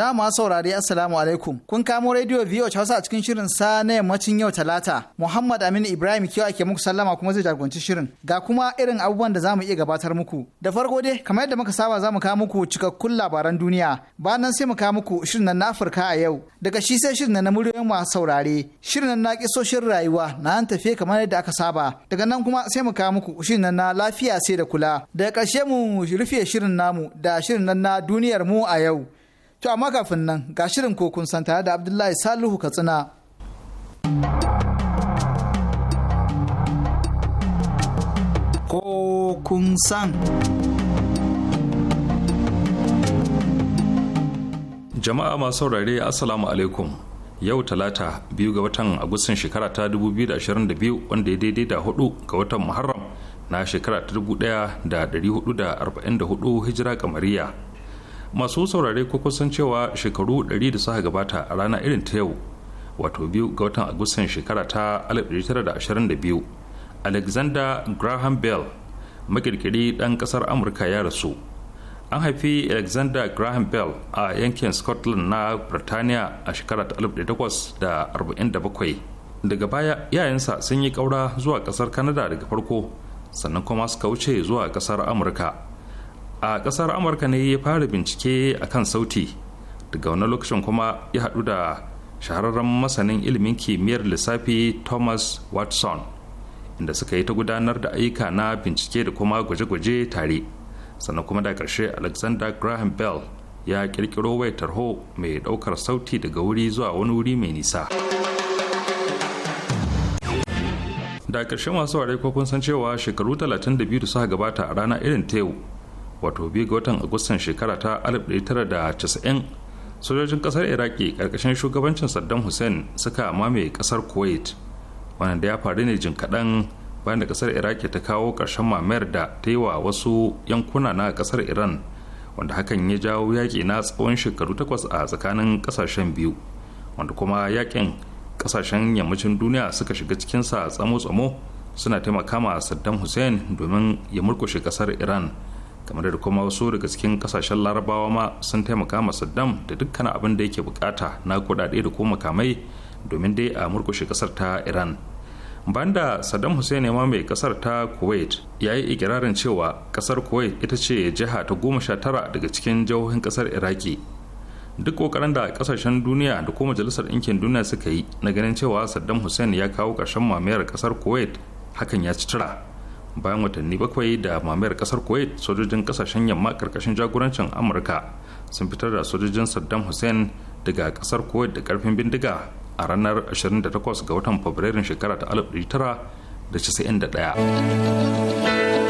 Da ma saurari Assalamu alaikum. Kun kamo rediyo VOH Hausa a cikin shirin sa na yammacin yau Talata. Muhammad Aminu Ibrahim kiwa ake muku sallama kuma zai jagoranci shirin. Ga kuma irin abubuwan da zamu iya gabatar muku. Da farko dai kamar yadda muka saba zamu kawo muku cikakkun labaran duniya. Ba nan sai mu kawo muku shirin na Afirka a yau. Daga shi sai shirin na muryoyin masu saurare. Shirin na kisoshin rayuwa na an tafe kamar yadda aka saba. Daga nan kuma sai mu kawo muku shirin na lafiya sai da kula. Daga ƙarshe mu rufe shirin namu da shirin na duniyar mu a yau. To amma kafin nan ga shirin ko kun san tare da Abdullahi Salihu Katsina. Ko kun san. Jama'a masu saurare Assalamu alaikum. Yau talata biyu ga watan Agustan shekara ta 2022 wanda ya daidai da hudu ga watan Muharram na shekara ta 1444 hijira kamariya. masu saurare ko kusan cewa shekaru 100 da suka gabata a rana irin ta yau wato biyu ga watan agustan shekara ta 1922 alexander graham bell makirkiri dan kasar amurka ya rasu an haifi alexander graham bell a yankin scotland na birtaniya a shekara ta 1847 daga baya yayansa sun yi kaura zuwa kasar canada daga farko sannan kuma suka wuce zuwa kasar amurka a ƙasar amurka ne ya fara bincike a kan sauti daga wani lokacin kuma ya haɗu da shahararren masanin ilimin kimiyyar lissafi thomas watson inda suka yi ta gudanar da ayyuka na bincike da kuma gwaje-gwaje tare sannan kuma da ƙarshe alexander graham bell ya ƙirƙiro wai tarho mai ɗaukar sauti daga wuri zuwa wani wuri mai nisa da ƙarshe masu ware kun san cewa shekaru 32 da suka gabata a rana irin ta yau wato biyu ga watan agustan shekara ta 1990 sojojin kasar iraki karkashin shugabancin saddam hussein suka mamaye kasar kuwait wanda ya faru ne jin kaɗan bayan da kasar iraki ta kawo ƙarshen mamayar da ta yi wa wasu yankuna na kasar iran wanda hakan ya jawo yaƙi na tsawon shekaru takwas a tsakanin ƙasashen biyu wanda kuma yaƙin ƙasashen yammacin duniya suka shiga cikinsa tsamo-tsamo suna taimaka ma saddam hussein domin ya murkushe ƙasar iran kamar da kuma wasu daga cikin kasashen larabawa ma sun taimaka ma saddam da dukkan abin da yake bukata na kudade da kuma makamai domin dai a murkushe kasar ta iran banda saddam hussein ma mai kasar ta kuwait ya yi ikirarin cewa kasar kuwait ita ce jiha ta goma sha tara daga cikin jihohin kasar iraki duk kokarin da kasashen duniya da kuma majalisar ɗinkin duniya suka yi na ganin cewa saddam hussein ya kawo ƙarshen mamayar kasar kuwait hakan ya ci tura bayan watanni bakwai da mamayar kasar kuwait sojojin kasashen yamma karkashin jagorancin amurka sun fitar da sojojin saddam hussein daga kasar kuwait da karfin bindiga a ranar 28 ga watan fabrairun shekara ta 1991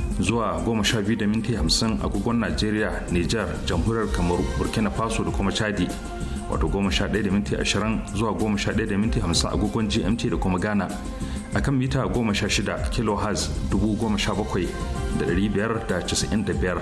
zuwa goma sha biyu da minti hamsin agogon najeriya nijar jamhuriyar kamaru burkina faso da kuma chadi wato goma zuwa goma sha ɗaya da agogon gmt da kuma ghana a kan mita goma sha shida kilohertz dubu goma sha bakwai ɗari biyar da da biyar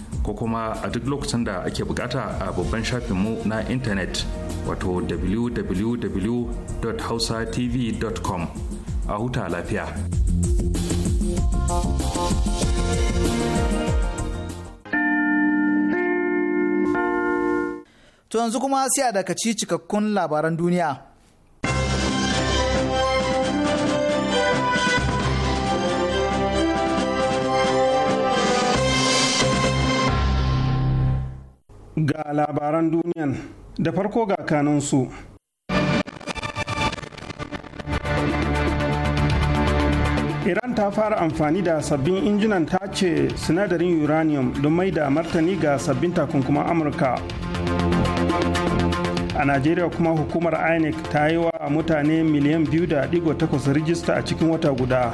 ko kuma a duk lokacin da ake bukata a babban shafinmu na intanet wato www.hausatv.com a huta lafiya. To yanzu kuma sai a dakaci cikakkun labaran duniya. ga labaran duniyan da farko ga su Iran ta fara amfani da sabbin injinan tace sinadarin uranium don mai da martani ga sabbin takunkuman Amurka. A Najeriya kuma hukumar INEC ta yi wa mutane miliyan biyu da rijista a cikin wata guda.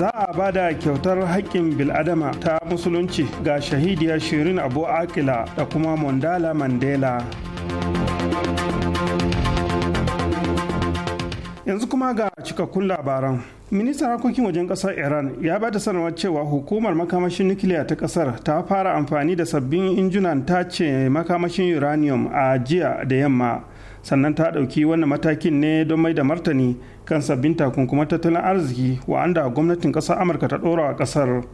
za a ba da kyautar haƙƙin biladama ta musulunci ga shahidiya shirin abu akila da kuma mondala mandela yanzu kuma ga cikakkun labaran ministan harkokin wajen kasar iran ya ba da sanarwar cewa hukumar makamashin nukiliya ta kasar ta fara amfani da sabbin injunan tace makamashin uranium a jiya da yamma sannan ta ɗauki wannan matakin ne don mai da martani kan sabbin takunkuman tattalin arziki wa'anda gwamnatin ƙasar amurka ta ɗora a ƙasar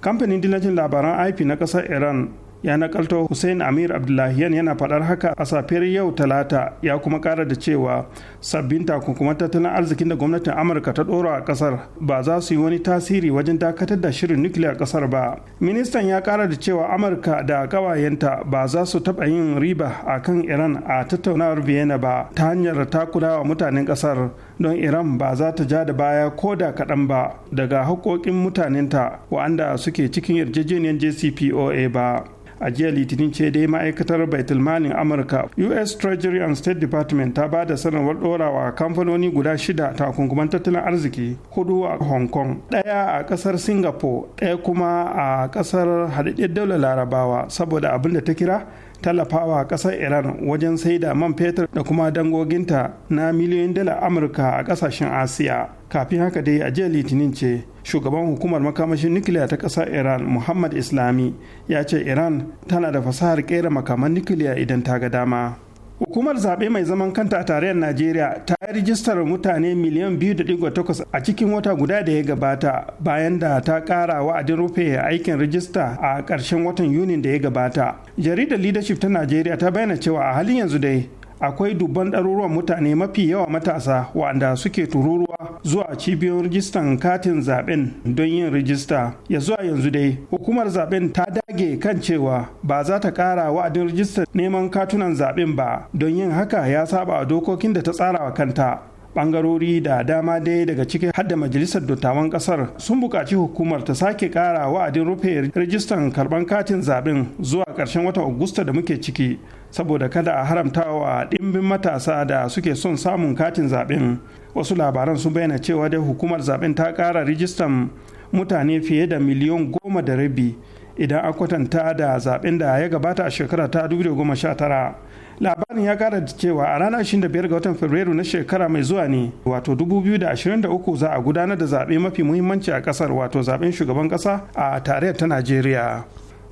kamfanin dillacin labaran ip na ƙasar iran ya nakalto hussein amir abdullahiyan yana faɗar haka a safiyar yau talata ya kuma ƙara da cewa sabbin takunkuman tattalin arzikin da gwamnatin amurka ta ɗora a ƙasar ba za su yi wani tasiri wajen dakatar da shirin nukiliyar ƙasar ba ministan ya ƙara da cewa amurka da ƙawayenta ba za su taɓa yin riba a kan iran a tattaunawar vienna ba ta hanyar takurawa mutanen ƙasar don iran ba za ta ja da baya ko da kaɗan ba daga haƙoƙin mutanenta wa'anda suke cikin yarjejeniyar jcpoa ba a jiya litinin ce dai ma'aikatar baitulmalin amurka us treasury and state department ta ba da sanarwar dorawa kamfanoni guda shida takunkuman tattalin arziki hudu a hong kong daya a kasar singapore daya kuma a kasar haɗaɗɗiyar daular larabawa saboda abin da ta kira tallafawa kasar iran wajen sai da man fetur da kuma dangoginta na miliyoyin dala amurka a kasashen asiya kafin haka dai a jiya litinin ce shugaban hukumar makamashin nukiliya ta ƙasar iran muhammad islami ya ce iran tana da fasahar ƙera makaman nukiliya idan ta ga dama hukumar zaɓe mai zaman kanta a tarayyar najeriya ta yi rijistar mutane miliyan 2.8 a cikin wata guda da ya gabata bayan da ta kara wa'adin rufe aikin rijista a ƙarshen watan yunin da ya gabata jaridar leadership ta najeriya ta bayyana cewa a halin yanzu dai akwai dubban ɗaruruwan mutane mafi yawa matasa waɗanda suke tururuwa zuwa cibiyoyin rijistan katin zaben don yin rijista ya zuwa yanzu dai hukumar zaben ta dage kan cewa ba za ta ƙara wa'adin rijistar neman katunan zaben ba don yin haka ya saba dokokin da ta tsara wa kanta bangarori da dama dai daga ciki hadda majalisar Dottawan kasar sun buƙaci hukumar ta sake ƙara wa'adin rufe rijistan karban katin zaɓen zuwa ƙarshen watan augusta da muke ciki saboda kada a haramta wa ɗimbin matasa da suke son samun katin zaɓen, wasu labaran sun bayyana cewa dai hukumar zaɓen ta ƙara rijistan mutane fiye da miliyan goma da rabi idan a kwatanta da zaɓen da ya gabata a shekara ta 2019 labarin ya kara da cewa a ranar 25 ga watan fabrairu na shekara mai zuwa ne wato 2023 za a gudanar da zaɓe mafi muhimmanci a ƙasar wato zaɓen shugaban ƙasa a tarayyar ta najeriya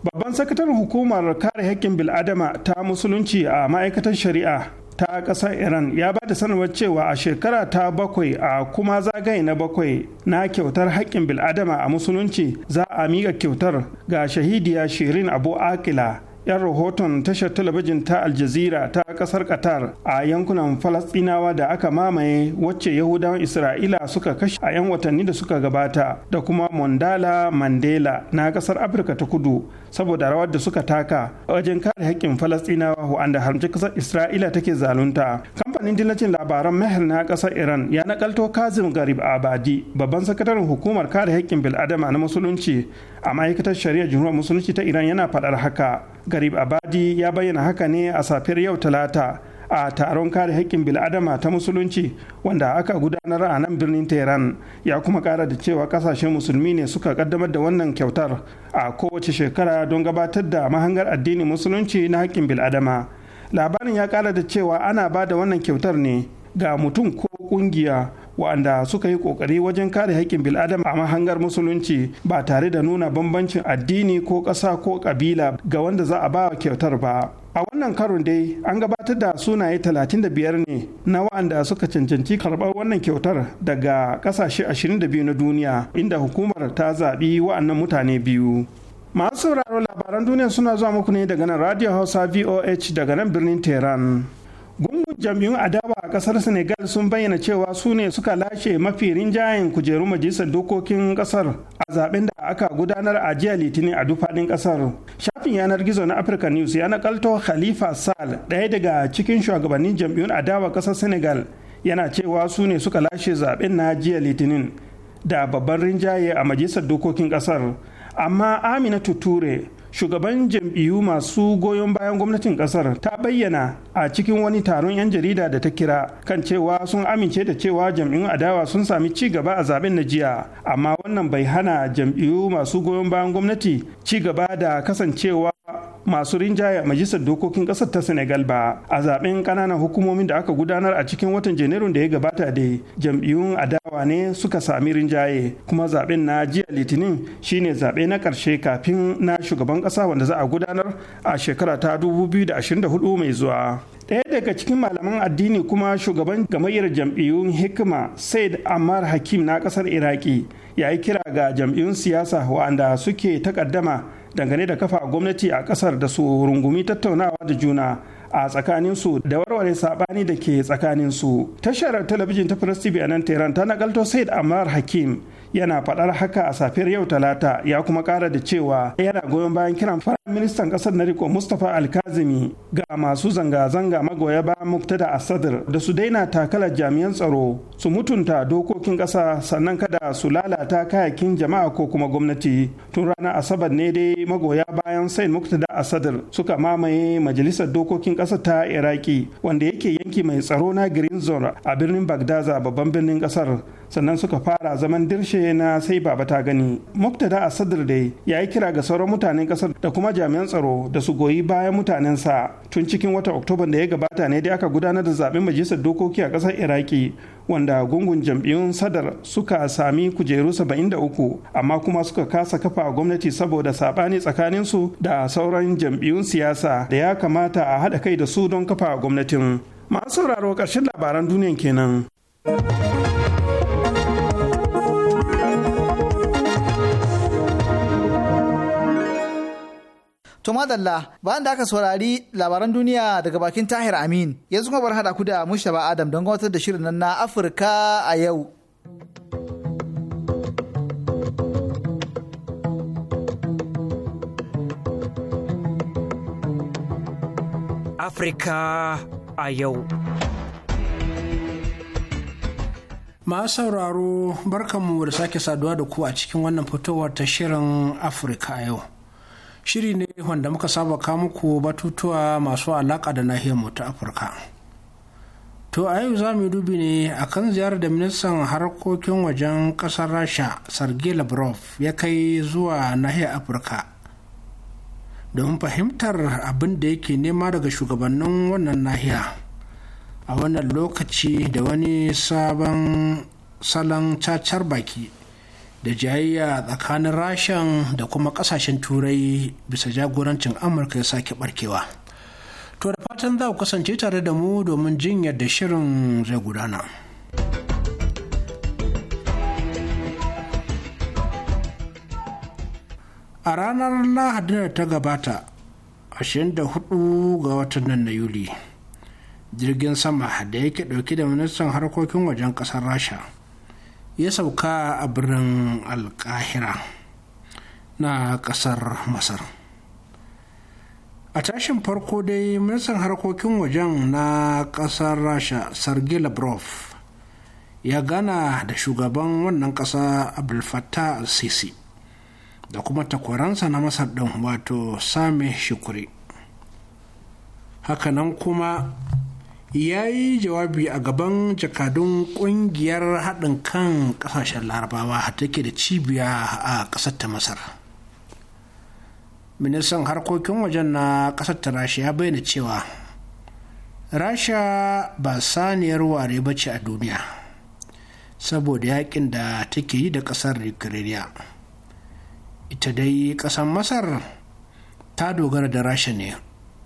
babban sakataren hukumar kare haƙƙin bil'adama ta musulunci a ma'aikatar shari'a ta ƙasar iran ya ba da sanarwar cewa a shekara ta bakwai a kuma zagaye na bakwai na kyautar haƙƙin bil'adama a musulunci za a miƙa kyautar ga shahidiya shirin abu akila 'yan rahoton tashar talabijin ta aljazira ta kasar qatar a yankunan falastinawa da aka mamaye wacce yahudawan isra'ila suka kashe a 'yan watanni da suka gabata da kuma mondala mandela na kasar afirka ta kudu saboda rawar da suka taka wajen kare haƙƙin falastinawa wanda harmci kasar isra'ila take zalunta kamfanin dillacin labaran mehr na kasar iran ya nakalto kazim garib abadi babban sakataren hukumar kare haƙƙin bil'adama na musulunci a ma'aikatar shari'a jumhuriyar musulunci ta iran yana faɗar haka garib abadi ya bayyana haka ne a safiyar yau talata a taron kare haƙƙin bil'adama ta musulunci wanda aka gudanar a nan birnin tehran ya kuma kara da cewa ƙasashen musulmi ne suka ƙaddamar da wannan kyautar a kowace shekara don gabatar da mahangar addinin musulunci na haƙƙin bil'adama labarin ya kara da cewa ana ba da wannan kyautar ne ga mutum ko kungiya wa'anda suka yi kokari wajen kare haƙƙin bil'adama a mahangar musulunci ba tare da nuna bambancin addini ko ƙasa ko ƙabila ga wanda za a ba wa kyautar ba a wannan karon dai an gabatar da sunaye 35 ne na wa'anda suka cancanci karɓar wannan kyautar daga ƙasashe 22 na duniya inda hukumar ta zaɓi wa'annan mutane biyu masu sauraro labaran duniya suna zuwa muku ne daga nan radio hausa voh daga nan birnin tehran gungun jam'iyyun adawa a kasar senegal sun bayyana cewa su ne suka lashe mafi rinjayen kujeru majalisar dokokin kasar a zaben da aka gudanar a jiya litinin a dufaɗin kasar shafin yanar gizo na africa news ya nakalto khalifa sal ɗaya daga cikin shugabannin jam'iyyun adawa kasar senegal yana cewa su ne suka lashe zaben na jiya litinin da babban rinjaye a majalisar dokokin kasar amma aminatu ture shugaban jam'iyyu masu goyon bayan gwamnatin kasar ta bayyana a cikin wani taron 'yan jarida da ta kira kan cewa sun amince da cewa jam'iyyun adawa sun sami ci gaba a zaben na jiya amma wannan bai hana jam'iyyu masu goyon bayan gwamnati ci gaba da kasancewa masu rinjaye majalisar dokokin kasar ta senegal ba a zaben kananan hukumomin da aka gudanar a cikin watan janairun da ya gabata da jam'iyyun adawa ne suka sami rinjaye kuma zaben na jiya litinin shine zaɓe na ƙarshe kafin na shugaban shugaban ƙasa wanda za a gudanar a shekara ta 2024 mai zuwa daya daga cikin malaman addini kuma shugaban gamayyar jam'iyyun hikima said ammar hakim na kasar iraki ya yi kira ga jam'iyyun siyasa wa'anda suke takaddama dangane da kafa gwamnati a kasar da su rungumi tattaunawa da juna a tsakaninsu da warware saɓani da ke tsakanin su tashar talabijin ta press tv a nan tehran ta nakalto said ammar hakim yana faɗar haka a safiyar yau talata ya kuma ƙara da cewa yana goyon bayan kiran firayim ministan ƙasar na riko mustapha alkazimi ga masu zanga-zanga magoya bayan muktada asadir da su daina takalar jami'an tsaro su mutunta dokokin ƙasa sannan kada su lalata kayakin jama'a ko kuma gwamnati tun ranar asabar ne dai magoya bayan sain muktada asadir suka mamaye majalisar dokokin ƙasar ta iraki wanda yake yanki mai tsaro na green zone a birnin bagdaza babban birnin ƙasar sannan suka fara zaman dirshe na sai baba ta gani muktada a sadar dai ya yi kira ga sauran mutanen kasar da kuma jami'an tsaro da su goyi bayan mutanensa tun cikin watan Oktoba da ya gabata ne dai aka gudanar da zaben majalisar dokoki a kasar iraki wanda gungun jam'iyyun sadar suka sami kujeru saba'in da uku amma kuma suka kasa kafa gwamnati saboda sabani su da sauran jam'iyyun siyasa da ya kamata a haɗa kai da su don kafa gwamnatin masu sauraro ƙarshen labaran duniyan kenan. To madalla bayan da aka saurari labaran duniya daga bakin Tahir Amin yanzu kuma bar hada ku da Mushaba Adam don gabatar da shirin nan na Afirka a yau. Afirka a yau. ma sauraro barkanmu da sake saduwa da ku a cikin wannan fitowar ta shirin Afirka yau. shiri ne wanda muka saba ka muku batutuwa masu alaƙa da nahiyarmu ta afirka to a yau za mu dubi ne akan ziyarar da ministan harkokin wajen ƙasar rasha sergei lavrov ya kai zuwa nahiyar afirka domin fahimtar abin da yake nema daga shugabannin wannan nahiya a wannan lokaci da wani sabon salon cacar baki da jayayya tsakanin rashan da kuma kasashen turai bisa jagorancin amurka ya sake barkewa to da fatan za ku kasance tare da mu domin jinyar da shirin zai gudana a ranar lahadin da ta gabata 24 ga watan nan na yuli jirgin sama da yake dauke da ministan harkokin wajen kasar rasha ya sauka a birnin alkahira na ƙasar masar a tashin farko dai ministan harkokin wajen na ƙasar rasha sergei lavrov ya gana da shugaban wannan ƙasa abulfata sisi da kuma takwaransa na masar ɗin wato same shukuri hakanan kuma ya yi jawabi a gaban jakadun kungiyar haɗin kan ƙasashen larabawa take da cibiya a ƙasar ta masar ministan harkokin wajen na ƙasar ta rasha ya bayyana cewa rasha ba saniyar ware ba ce a duniya saboda yakin da take yi da ƙasar ukraine ita dai ƙasar masar ta dogara da rasha ne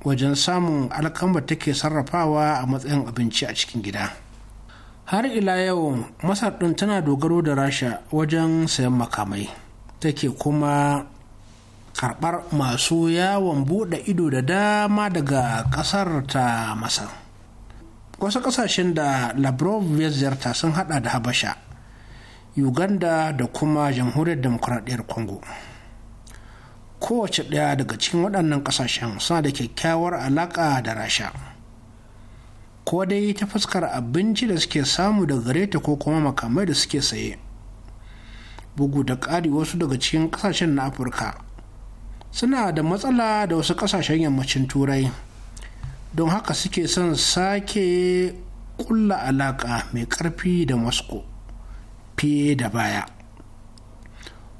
wajen samun alkama take sarrafawa a matsayin abinci a cikin gida har ila yau masar ɗin tana dogaro da rasha wajen sayan makamai take kuma karɓar masu yawon buɗe ido da dama daga ƙasar ta masar wasu ƙasashen da labrov ya ziyarta sun hada da habasha uganda da kuma jamhuriyar demokuraɗiyar congo kowace ɗaya daga cikin waɗannan ƙasashen suna da kyakkyawar alaƙa da rasha ko dai ta fuskar abinci da suke samu da gare ta ko kuma makamai da suke saye bugu da ƙari wasu daga cikin ƙasashen na afirka suna da matsala da wasu ƙasashen yammacin turai don haka suke son sake kulla alaƙa mai ƙarfi da moscow fiye da baya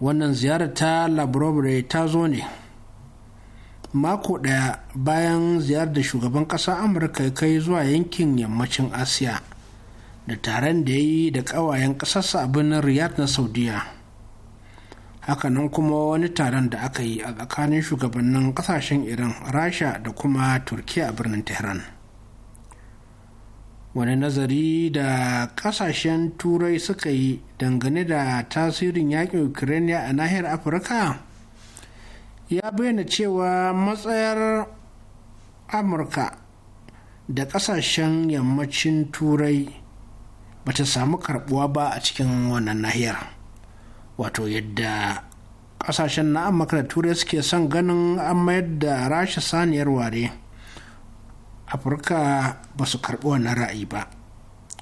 wannan ziyarar ta labrobre ta zo ne mako daya bayan ziyarar da shugaban ƙasa amurka ya kai zuwa yankin yammacin asiya da taron da ya yi da ƙawayen ƙasarsa a birnin riyadh na saudiya hakanan kuma wani taron da aka yi a tsakanin shugabannin ƙasashen iran rasha da kuma turkiya a birnin tehran wani nazari da kasashen turai suka yi dangane da tasirin yakin ukraine a nahiyar afirka ya bayyana cewa matsayar amurka da kasashen yammacin turai bata samu karbuwa ba a cikin wannan nahiyar wato yadda kasashen na amurka da turai suke son ganin an mayar da rasha saniyar ware afirka ba su karɓi wannan ra'ayi ba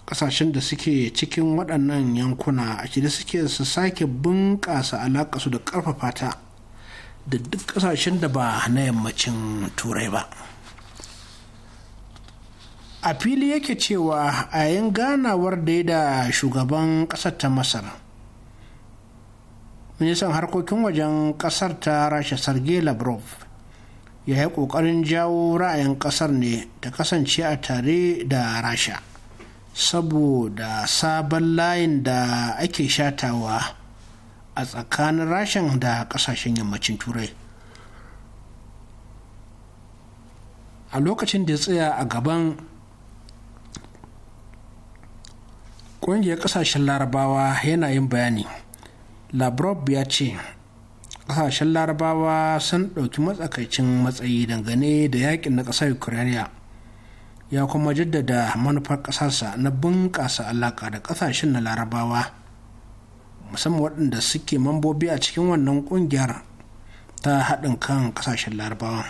ƙasashen da suke cikin waɗannan yankuna a shirye suke su sake bunƙasa alaƙa su da ƙarfafa ta da duk ƙasashen da ba na yammacin turai ba a fili yake cewa a yin ganawar da ya da shugaban ƙasar ta masar ministan harkokin wajen ƙasar ta rasha sergei lavrov ya yi ƙoƙarin jawo ra'ayin ƙasar ne ta kasance a tare da rasha saboda sabon layin da ake shatawa a tsakanin rashin da ƙasashen yammacin turai a lokacin da ya tsaya a gaban ƙungiyar ƙasashen larabawa yana yin bayani labrov ya ce ƙasashen larabawa sun ɗauki matsakaicin matsayi dangane da yakin na ƙasar ukraine ya kuma jaddada manufar ƙasarsa na bunƙasa alaƙa da ƙasashen na larabawa musamman waɗanda suke mambobi a cikin wannan ƙungiyar ta haɗin kan ƙasashen larabawa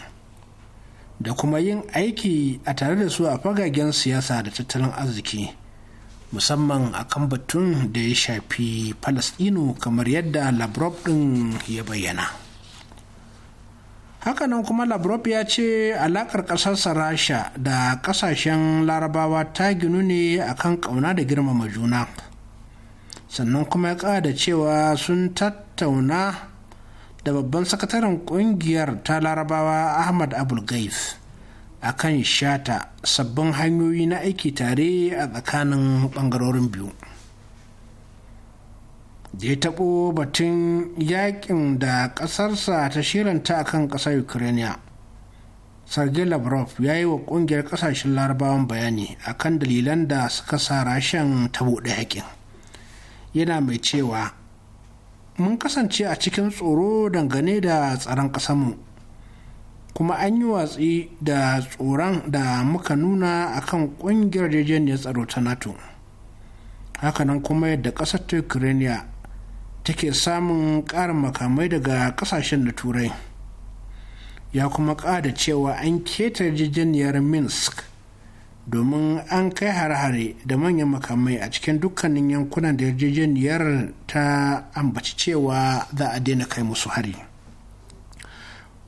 da kuma yin aiki a tare da su a fagagen siyasa da tattalin arziki musamman a kan batun da ya shafi Falasɗinu kamar yadda Labrob ɗin ya bayyana. Hakanan kuma Labrob ya ce alakar ƙasarsa Rasha da ƙasashen larabawa ta ginu ne akan ƙauna da girmama juna. Sannan kuma ya da cewa sun tattauna da babban sakataren ƙungiyar ta larabawa Ahmad Abul akan shata sabbin hanyoyi na aiki tare a tsakanin bangarorin biyu da ya taɓo batun yakin da ƙasarsa ta shiranta a kan ƙasar ukraine sergei lavrov ya yi wa ƙungiyar ƙasashen larabawan bayani a kan dalilan da suka sa rashen ta buɗe yakin yana mai cewa mun kasance a cikin tsoro dangane da tsaron ƙasarmu kuma an yi watsi da tsoron da muka nuna a kan kungiyar jejeniyar tsaro ta nato hakanan kuma yadda ƙasar ta ukraine take samun ƙarin makamai daga ƙasashen da turai ya kuma ƙada cewa an keta jejeniyar minsk domin an kai hare-hare da manyan makamai a cikin dukkanin yankunan da yarjejeniyar ta ambaci cewa za a daina kai musu hari.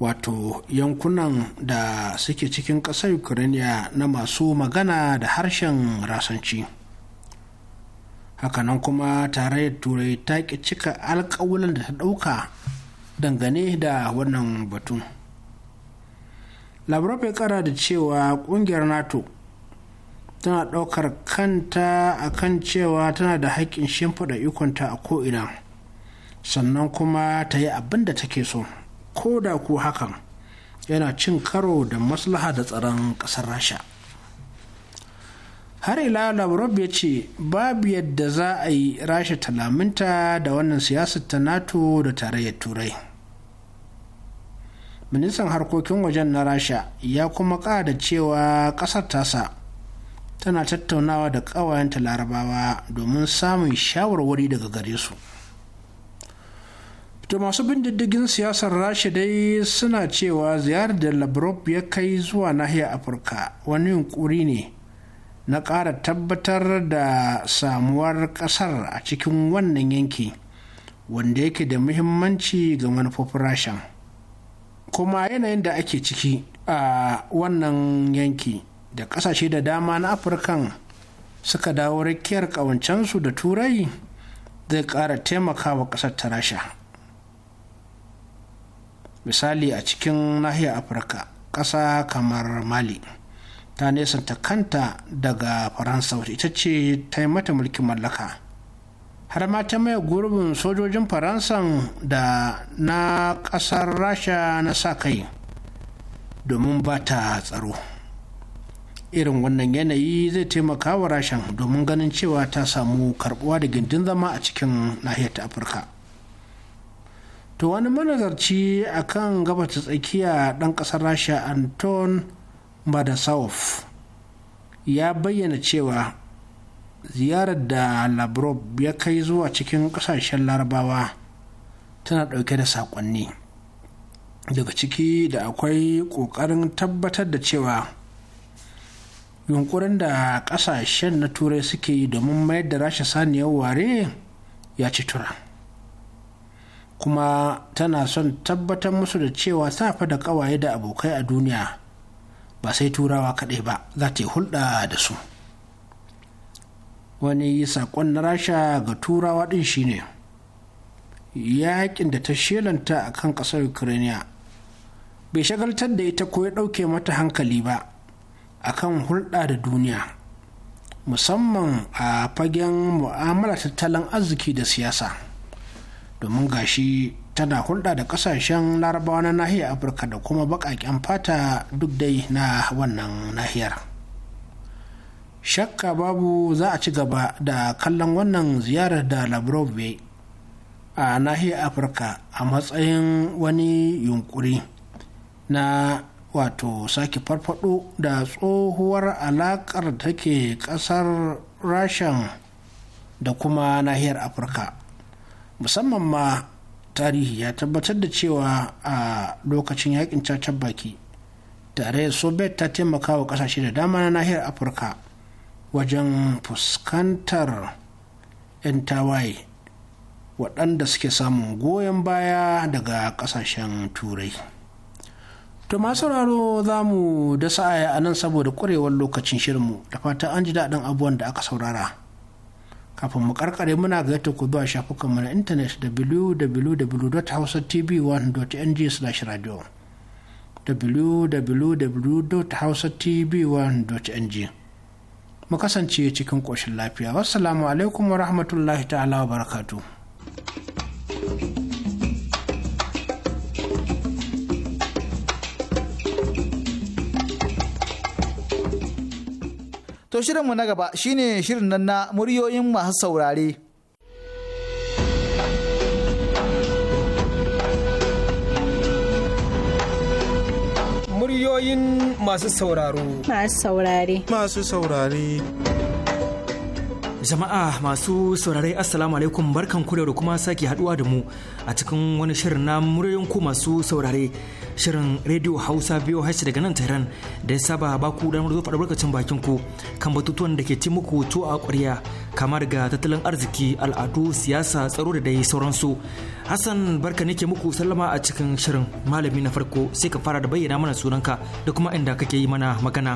wato yankunan da suke cikin ƙasar ukraine na masu magana da harshen rasanci hakanan kuma tare da turai ta ki cika alkawulan da ta ɗauka dangane da wannan batun labarai bai kara da cewa ƙungiyar nato tana ɗaukar kanta a kan cewa tana da haƙƙin shimfiɗa ikonta a ko'ina sannan kuma ta yi abin da take so ko da ko hakan yana cin karo da maslaha da tsaron ƙasar rasha har ila lavrov ya ce babu yadda za a yi rasha talaminta da wannan siyasar ta nato da tarayyar turai ministan harkokin wajen na rasha ya kuma ƙada cewa ƙasar tasa tana tattaunawa da ƙawayenta larabawa domin samun shawarwari daga gare su to masu bin diddigin siyasar rasha dai suna cewa ziyarar da lavrov ya kai zuwa nahiyar afirka wani yunkuri ne na ƙara tabbatar da samuwar ƙasar a cikin wannan yanki wanda yake da muhimmanci ga manufofin rashen. kuma yanayin da ake ciki a wannan yanki da ƙasashe da dama na afirkan suka dawo rakiyar ƙawancensu da turai zai ƙara taimakawa ƙasar ta rasha misali a cikin nahiyar afirka ƙasa kamar mali ta nesanta kanta daga faransa wata ita ce ta yi mata mulkin mallaka har ma ta maye gurbin sojojin faransan da na ƙasar rasha na sa kai domin ba ta tsaro irin wannan yanayi zai taimaka wa rashin domin ganin cewa ta samu karbuwa da gindin zama a cikin nahiyar ta afirka to wani manazarci a kan gabata tsakiya ɗan ƙasar rasha anton badasauf ya bayyana cewa ziyarar da labrov ya kai zuwa cikin ƙasashen larabawa tana ɗauke da saƙonni daga ciki da akwai ƙoƙarin tabbatar da cewa yunkurin da ƙasashen na turai suke yi domin mayar da rasha saniyar ware ya ci tura kuma tana son tabbatar musu da cewa safa da kawaye da abokai a duniya ba sai turawa kaɗai ba za ta yi hulɗa da su wani saƙon na rasha ga turawa ɗin shine yaƙin da ta shelanta a kan ƙasar ukraine bai shagaltar da ita ko ya ɗauke mata hankali ba a kan hulɗa da duniya musamman a fagen mu'amala tattalin arziki da siyasa. domin gashi tana hulɗa da ƙasashen larabawa na nahiyar afirka da kuma baƙaƙen fata duk dai na wannan nahiyar shakka babu za a ci gaba da kallon wannan ziyarar da lavrov a nahiyar afirka a matsayin wani yunkuri na wato sake farfado da tsohuwar alakar da take kasar rashan da kuma nahiyar afirka musamman ma tarihi ya tabbatar da cewa a lokacin yakin cacar baki tarayyar soviet ta taimaka wa kasashe da dama na nahiyar afirka wajen fuskantar 'yan tawaye waɗanda suke samun goyon baya daga ƙasashen turai to masu sauraro za mu da a nan saboda ƙwarewar lokacin shirinmu da fata an ji daɗin abubuwan da aka saurara kafin mu karkare muna ga yadda ku zuwa mu na intanet www.hausatv1.ng/radio www.hausatv1.ng mu kasance cikin koshin lafiya wassalamu alaikum wa rahmatullahi ta'ala wa barakatuh To shirinmu na gaba shine shirin nan na muryoyin masu saurare. Muryoyin masu sauraro. Masu saurare. Masu saurare. Jama'a masu saurare Assalamu alaikum barkan ku da kuma sake haduwa da mu a cikin wani shirin na muryoyin ku masu saurare shirin Radio Hausa biyu hashi daga nan Tehran da ya saba ba ku damar zo faɗa barkacin bakin ku kan batutuwan da ke ci muku to a ƙwarya kama daga tattalin arziki al'adu siyasa tsaro da dai sauransu. Hassan barka ne ke muku sallama a cikin shirin malami na farko sai ka fara da bayyana mana sunanka da kuma inda kake yi mana magana.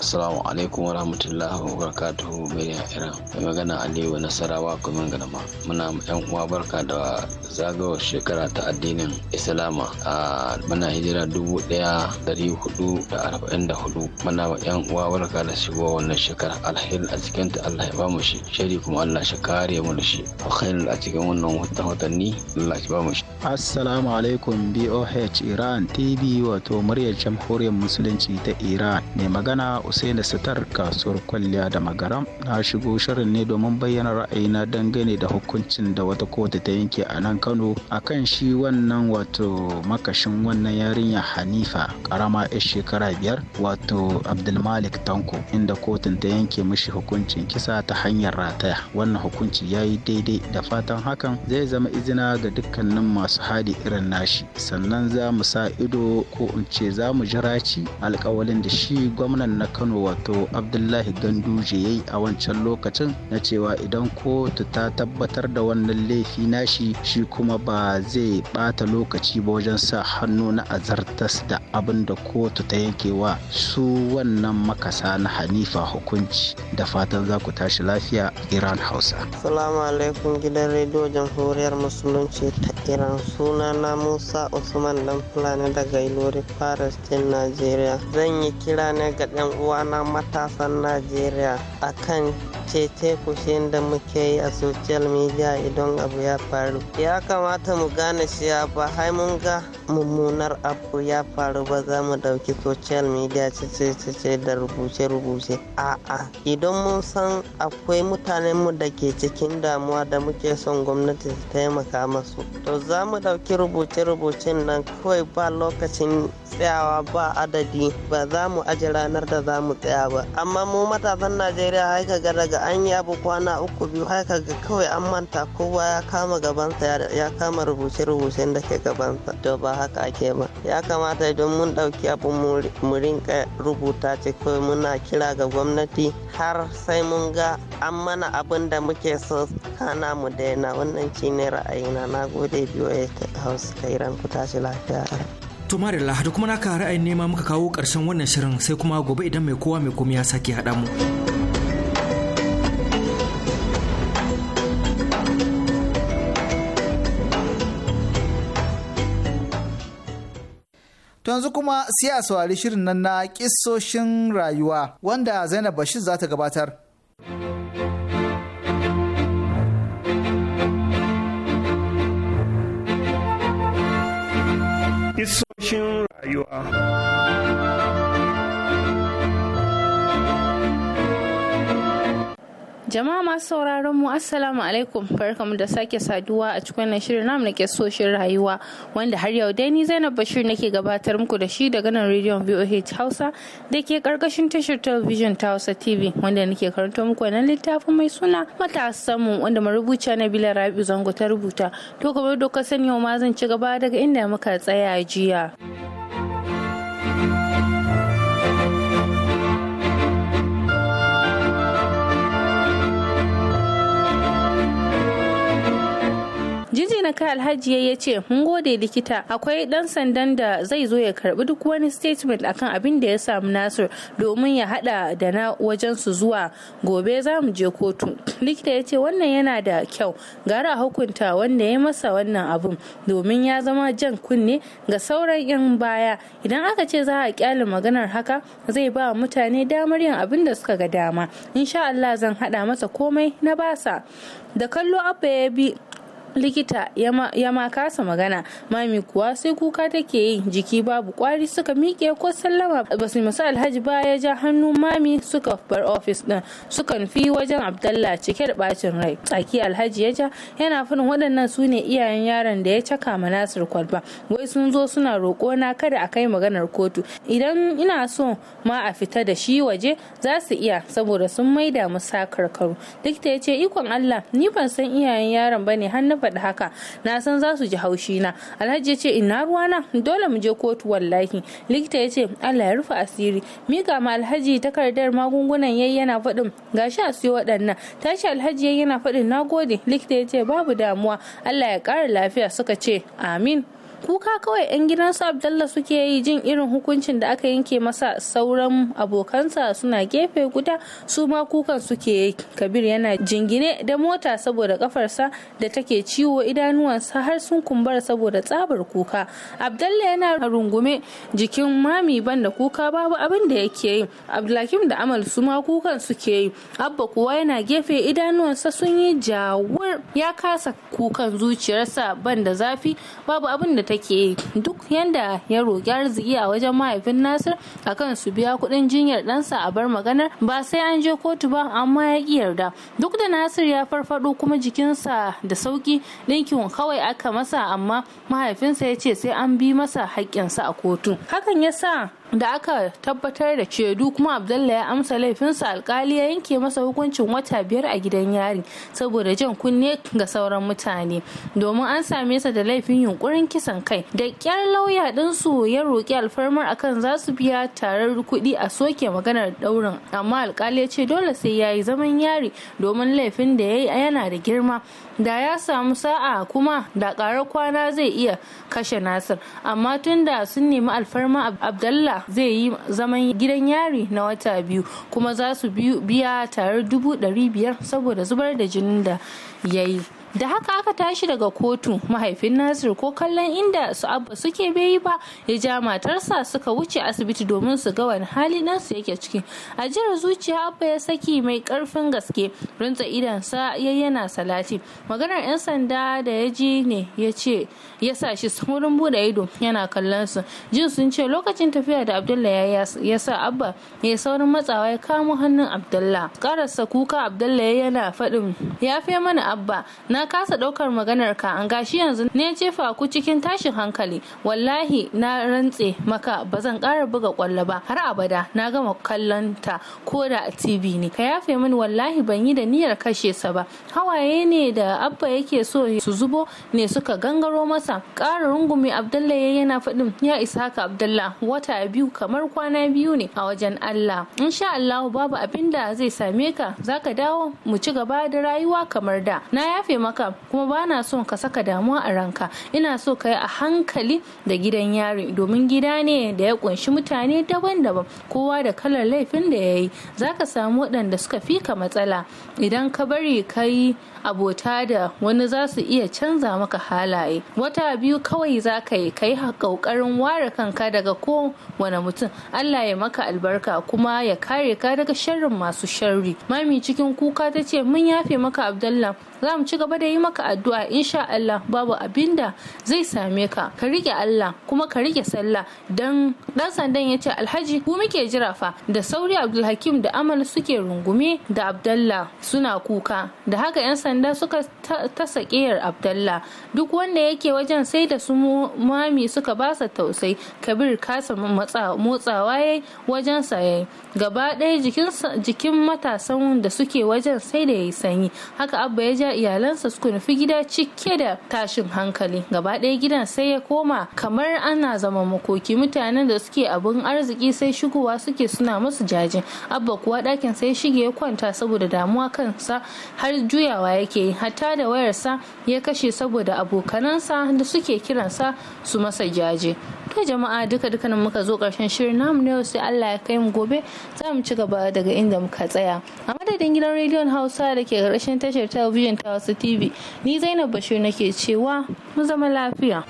Assalamu alaikum wa rahmatullahi wa barakatuhu Maryam Iran. Mai magana Aliyu Nasarawa kuma ganama. Muna yan uwa barka da zagawar shekara ta addinin Islama a muna hijira dubu ɗaya dari hudu da arba'in da hudu. Muna yan uwa barka da shigowa wannan shekara alheri a cikin ta Allah ya ba mu shi. Shari kuma Allah shi kare mu da shi. Alheri a cikin wannan watanni Allah ya ba mu shi. Assalamu alaikum BOH Iran TV wato muryar jamhuriyar musulunci ta Iran. Mai magana Usaini Sitar kasuwar kwalliya da magaram. Na shigo shirin ne domin bayyana ra'ayina dangane da hukuncin da wata kotu ta yanke a nan Kano akan shi wannan wato makashin wannan yarinya Hanifa karama 'yar shekara biyar wato Abdulmalik Tanko inda kotun ta yanke mishi hukuncin kisa ta hanyar rataya. Wannan hukunci ya yi daidai da fatan hakan zai zama izina ga dukkanin masu hali irin nashi. Sannan za mu sa ido ko in ce za mu jira ci alkawalin da shi gwamnan na kano wato abdullahi ganduje yayi a wancan lokacin na cewa idan kotu ta tabbatar da wannan laifi nashi shi kuma ba zai bata lokaci ba wajen sa hannu na azartas da abin da kotu ta yankewa su wannan makasa na hanifa hukunci da fatan za ku tashi lafiya iran hausa salamu alaikum gidan rediyo jamhuriyar musulunci ta iran suna na musa usman dan fulani daga ilori paris din najeriya zan yi kira ne ga ɗan uwana matasan najeriya kan cece kushin da muke yi a social media idan abu ya faru ya kamata mu gane cewa ba hai mun ga mummunar abu ya faru ba za mu dauki social media cece da rubuce-rubuce a'a idan mun san akwai mu da ke cikin damuwa da muke son gwamnati ta taimaka masu to za mu dauki rubuce-rubucen nan kawai ba lokacin tsayawa ba adadi ba za mu aji ranar da za mu tsaya ba amma mu matasan najeriya haika ga daga an yi abu kwana uku biyu haika ga kawai an manta kowa ya kama gabansa ya kama rubuce-rubucen da ke gabansa to ba haka ake ba ya kamata idan mun ɗauki abu mu rinka rubuta ce kawai muna kira ga gwamnati har sai mun ga an mana abin da muke so kana mu daina wannan shine ra'ayina na gode biyo ya hausa kai ran ku tashi lafiya To Marilla da kuma naka ra'ayin nema muka kawo ƙarshen wannan shirin sai kuma gobe idan mai kowa mai komai ya sake haɗa mu. To yanzu kuma sai a saurari shirin nan na kissoshin rayuwa wanda Zainab Bashir za ta gabatar. isoshin rayuwa Jama'a masu sauraron mu Assalamu alaikum barkamu da sake saduwa a cikin wannan shirin namu nake so shirin rayuwa wanda har yau dai ni Zainab Bashir nake gabatar muku da shi daga nan rediyon VOH Hausa da ke karkashin tashar Television ta Hausa TV wanda nake karanto muku wannan littafin mai suna matasan mu wanda marubuciya Nabila rabi Zango ta rubuta to kamar doka sani yau ma zan ci gaba daga inda muka tsaya jiya. Kanaka alhaji ya ce mun gode likita akwai dan sandan da zai zo ya karbi duk wani statement akan abin da ya samu nasir domin ya hada da na wajen su zuwa gobe za mu je kotu likita ya ce wannan yana da kyau gara hukunta wanda ya masa wannan abun domin ya zama jan kunne ga sauran yan baya idan aka ce za a kyale maganar haka zai ba mutane damar yin abin da suka ga dama insha Allah zan hada masa komai na basa da kallo abba ya bi likita ya ma kasa magana mami kuwa sai kuka take yi jiki babu kwari suka miƙe ko sallama ba su masu alhaji ba ya ja hannu mami suka bar ofis din suka nufi wajen abdallah cike da bacin rai tsaki alhaji ya ja yana fadin waɗannan su ne iyayen yaron da ya caka ma nasir kwalba wai sun zo suna roƙo na kada a kai maganar kotu idan ina so ma a fita da shi waje za su iya saboda sun maida mu sakar karu. likita ya ce ikon allah ni ban san iyayen yaron ba ne. hannu faɗi haka na san za su ji haushi na alhaji ya ce ina na? dole mu je kotu wallahi likita ya ce allah ya rufe asiri mika ma alhaji takardar magungunan yayi yana faɗin gashi a siyo waɗannan tashi alhaji yayi yana faɗin na gode likita ya ce babu damuwa allah ya ƙara lafiya suka ce amin kuka kawai 'yan gidansu abdallah suke yi jin irin hukuncin da aka yanke masa sauran abokansa suna gefe guda su ma kukan suke yi kabir yana jingine da mota saboda kafarsa da take ciwo idanuwansa har sun kumbura saboda tsabar kuka abdallah yana rungume jikin mami banda kuka babu abin da yake yi abdulhakim da amal su ma kukan suke yi abba kuwa yana gefe idanuwansa sun yi jawur ya kasa kukan zuciyarsa ban da zafi babu abin da ta take yi duk yanda ya roƙi arziki a wajen mahaifin nasir akan su biya kuɗin jinyar ɗansa a bar maganar ba sai an je kotu ba amma ya ƙi yarda duk da nasir ya farfaɗo kuma jikinsa da sauki ɗinkin kawai aka masa amma mahaifinsa ya ce sai an bi masa haƙƙinsa a kotu hakan ya sa da aka tabbatar da cedu kuma abdalla ya amsa laifinsa alkali ya yanke masa hukuncin wata biyar a gidan yari saboda jan kunne ga sauran mutane domin an same sa da laifin yunkurin kisan kai da kyar lauya ɗinsu ya roƙi alfarmar akan za su biya tarar kuɗi a soke maganar ɗaurin amma alkali ya ce dole sai ya yi zaman yari domin laifin da ya yi yana da girma da ya samu sa'a kuma da ƙarar kwana zai iya kashe nasir amma tun da sun nemi alfarma abdalla zai yi zaman gidan yari na wata biyu kuma za su biya tare dubu ɗari biyar saboda zubar da jinin da ya yi da haka aka tashi daga kotu mahaifin nasir ko kallon inda su abba suke bai ba ya ja matarsa suka wuce asibiti domin su ga wani hali nasu yake ciki A jira zuciya abba ya saki mai karfin gaske rantsa idansa ya yana salati maganar yan sanda da ya ji ne ya ce ya sa shi saurin bude ido yana kallon su jin sun ce lokacin tafiya da abdullahi ya sa abba ya saurin matsawa ya kamo hannun abdullahi karasa kuka abdullahi yana faɗin ya fi mana abba na na kasa ɗaukar maganar ka an gashi yanzu ne jefa ku cikin tashin hankali wallahi na rantse maka ba zan ƙara buga ƙwallo ba har abada na gama kallon ta ko da a tv ne ka yafe min wallahi ban yi da niyyar kashe sa ba hawaye ne da abba yake so su zubo ne suka gangaro masa ƙara rungume abdullahi yana faɗin ya isa haka abdullah wata biyu kamar kwana biyu ne a wajen allah insha allahu babu abin da zai same ka zaka dawo mu ci gaba da rayuwa kamar da na yafe maka kuma ba na son ka saka damuwa a ranka ina so ka yi a hankali da gidan yari domin gida ne da ya kunshi mutane daban-daban kowa da kalar laifin da ya yi za ka samu waɗanda suka fi ka matsala idan ka bari ka yi abota da wani za su iya canza maka halaye wata biyu kawai za ka yi ka yi ƙoƙarin ware kanka daga ko kowane mutum allah ya maka albarka kuma ya kare ka daga sharrin masu sharri mami cikin kuka ta ce mun yafe maka abdallah za mu ci gaba da yi maka addu'a insha Allah babu abinda zai same ka ka rike Allah kuma ka rike sallah dan dan sandan ya ce alhaji ku muke jira fa da sauri Abdulhakim da Amal suke rungume da Abdallah suna kuka da haka yan sanda suka ta sakiyar Abdallah duk wanda yake wajen sai da su mami suka basa tausai Kabir kasa motsawa yayi wajen sa yayi gaba ɗaya jikin matasan da suke wajen sai da yayi sanyi haka abba ya gaskiya iyalansa suka nufi gida cike da tashin hankali gaba ɗaya gidan sai ya koma kamar ana zama makoki mutanen da suke abin arziki sai shigowa suke suna musu jajin abba kuwa ɗakin sai shige ya kwanta saboda damuwa kansa har juyawa yake yi hatta da wayarsa ya kashe saboda abokanansa da suke kiransa su masa jaje to jama'a duka duka nan muka zo karshen shirin namu na yau sai Allah ya kai mu gobe za mu ci gaba daga inda muka tsaya a madadin gidan rediyon hausa da ke karshen tashar talabijin ta wasu TV. Ni Zainab Bashir nake cewa mu zama lafiya.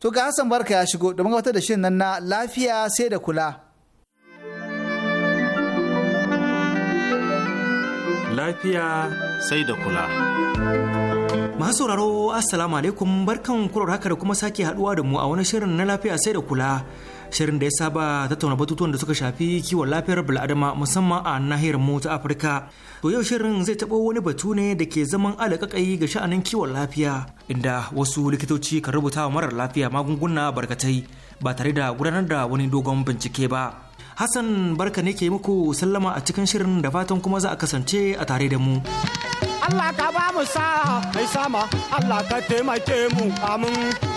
To ga Hassan Barka ya shigo domin gabatar da shirin nan na lafiya sai da kula. Lafiya sai da kula. Masu sauraro Assalamu alaikum barkan kurar haka da kuma sake haduwa da mu a wani shirin na lafiya sai da kula. shirin da ya saba tattauna batutuwan da suka shafi kiwon lafiyar bil'adama musamman a nahiyar mu ta afirka to yau shirin zai taɓo wani batu ne da ke zaman alaƙaƙai ga sha'anin kiwon lafiya inda wasu likitoci kan rubuta wa marar lafiya magunguna barkatai ba tare da gudanar da wani dogon bincike ba hassan barka ne ke muku sallama a cikin shirin da fatan kuma za a kasance a tare da mu Allah ka ba mu sa mai sama Allah ka taimake mu amin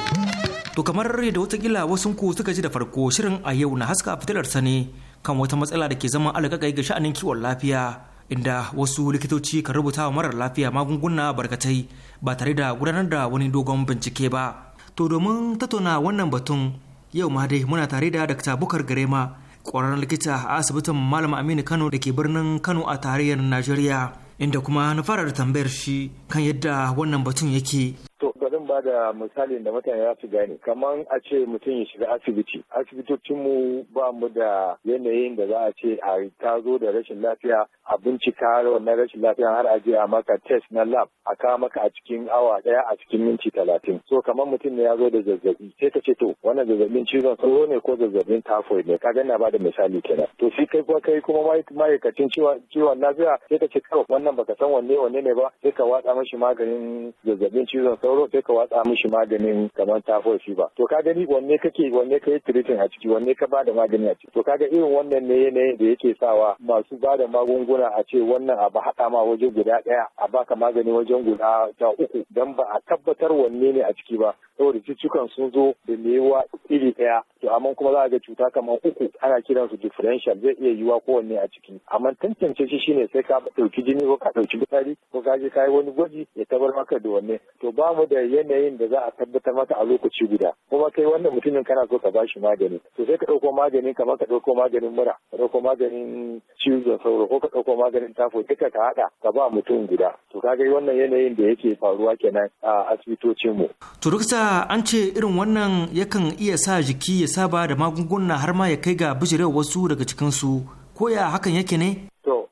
To kamar yadda watakila wasu ku suka ji da farko shirin a yau na haska fitilar sani kan wata matsala da ke zama alƙaƙai ga sha'anin kiwon lafiya inda wasu likitoci kan rubuta wa marar lafiya magunguna barkatai ba tare da gudanar da wani dogon bincike ba. To domin tattauna wannan batun yau ma dai muna tare da Dr. Bukar Garema ƙwararren likita a asibitin Malam Aminu Kano da ke birnin Kano a tarayyar Najeriya inda kuma na fara da tambayar shi kan yadda wannan batun yake. To zan ba da misali da mutane za su gane kamar a ce mutum ya shiga asibiti asibitocinmu ba mu da yanayin da za a ce a ta zo da rashin lafiya a bincika wannan rashin lafiya har a je a maka test na lab a kawo maka a cikin awa daya a cikin minti talatin so kamar mutum ne ya zo da zazzabi sai ka ce to wannan zazzabin cizon sauro ne ko zazzabin typhoid ne ka na ba da misali kenan to shi kai kuma kai kuma ma'aikacin ciwon lafiya sai ka ce kawai wannan baka san wanne wanne ne ba sai ka watsa mashi maganin zazzabin cizon sauro sai aka watsa mishi maganin kamar shi ba to ka gani wanne kake wanne ka yi tiritin a ciki wanne ka bada magani a ciki to kaga irin wannan ne yanayin da yake sawa masu bada magunguna a ce wannan abu haɗa ma waje guda ɗaya a baka magani wajen guda ta uku dan ba a tabbatar wanne ne a ciki ba saboda cikin sun zo da mewa iri ɗaya to amma kuma za a ga cuta kamar uku ana kiran su differential zai iya yiwa kowanne a ciki amma tantance shi shine sai ka dauki jini ko ka ɗauki fitsari ko ka je ka yi wani gwaji ya tabar maka da wanne to ba mu da yanayin da za a tabbatar maka a lokaci guda kuma kai wannan mutumin kana so ka bashi magani to sai ka ɗauko magani kamar ka ɗauko maganin mura ka dauko maganin cizon sauro ko ka dauko maganin tafo duka ka haɗa ka ba mutum guda to ka ga wannan yanayin da yake faruwa kenan a asibitocin mu. to an ce irin wannan yakan iya sa jiki ya saba da magunguna har ma ya kai ga bijirewa wasu daga cikinsu ko ya hakan yake ne To,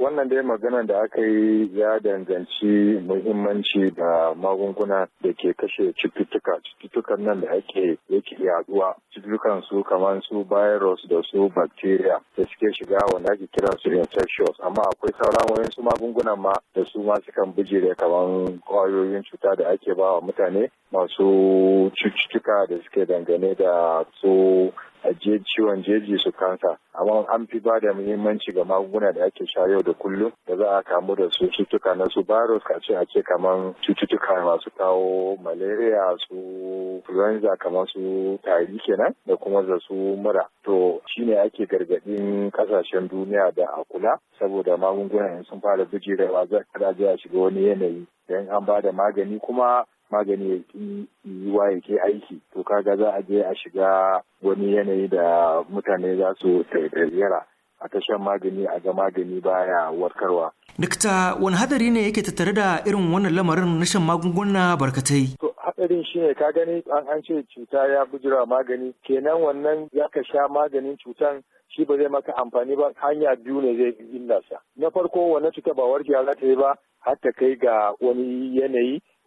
wannan dai magana da aka yi ya danganci muhimmanci da magunguna da ke kashe cututtuka, cututtukan nan da ake yake yaduwa, cututtukan su kamar su virus da su bacteria da suke shiga wanda ake kiran su infectious, amma akwai sauran wayan su magungunan ma da su ma su sukan da kamar kwayoyin cuta da ake ba wa mutane masu cututtuka da suke dangane da su ciwon jeji su kansa, amma an fi ba da muhimmanci ga magunguna magunguna da ake sha yau da kullum da za a kamu da su cututtuka na su virus ka ce a ce kamar cututtuka masu kawo malaria su influenza kamar su tari kenan da kuma da su mura to shine ake gargadin kasashen duniya da a kula saboda magunguna sun fara bijirewa za a shiga wani yanayi idan an ba da magani kuma magani ya ki wa ya aiki to kaga za a je a shiga wani yanayi da mutane za su tsaye a ta shan magani a ga magani baya warkarwa. Dikta wani hadari ne yake tattare da irin wannan lamarin na shan magunguna barkatai? To hadarin shi ne ka gani an an ce cuta ya bujira magani kenan wannan ya ka sha maganin cutan shi ba zai maka amfani ba hanya biyu ne zai illa sa. Na farko wannan cuta ba warkewa za ta yi ba har ta kai ga wani yanayi